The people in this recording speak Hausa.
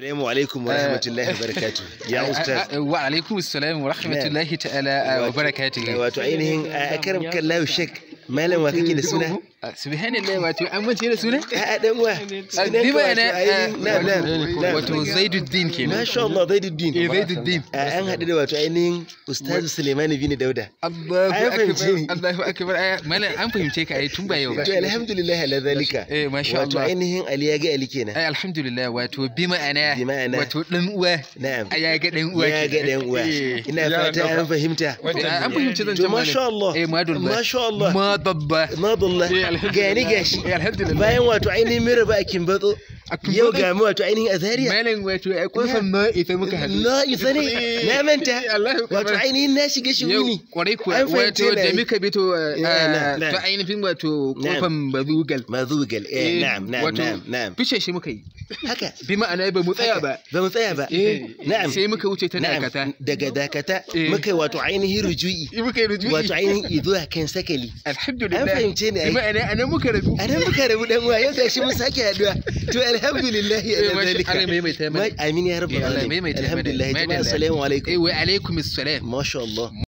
السلام عليكم آه. ورحمة الله وبركاته يا آه، آه، أستاذ وعليكم السلام ورحمة نعم. الله تعالى وبركاته وتعينهم أكرمك الله الشكر malam wa kake da suna ah, subhanallahi wato an mace da suna a eh, eh, dan uwa sunan ka eh, na na wato zaiduddin kenan masha Allah zaiduddin eh zaiduddin an hadu da wato ainihin ustazu Suleimani bin Dauda Allahu akbar Allahu akbar malam an fahimce ka ai tun ba yau to alhamdulillah ala zalika eh masha Allah wato ainihin ali ya ga ali kenan ai alhamdulillah wato bi ma'ana wato dan uwa na'am ya ga dan uwa ya ga dan uwa ina fata an fahimta an fahimci zan ce masha Allah eh madul masha Allah بابا ما بالله قاني قاش باين واتو عيني مير باكين بطو yau ga mu wato ainihin a zaria malam wato ai kun san na isa muka haɗu na isa ne eh, na manta wato ainihin na shiga shi ne kwarai ko wato da muka bi to to ainihin wato kofan bazugal bazugal eh na'am na'am eh, eh, na'am na'am fishe shi muka yi haka bi ma'ana ba mu tsaya ba ba mu tsaya ba na'am sai muka wuce ta dakata daga dakata muka wato ainihin ruju'i muka ruju'i wato ainihin izuwa kan sakali alhamdulillah an fahimce ne ai bi ma'ana anan muka rabu anan muka rabu dan uwa yau gashi mun sake haduwa to الحمد لله الى ذلك امين يا رب العالمين الحمد لله السلام عليكم إيه، وعليكم السلام ما شاء الله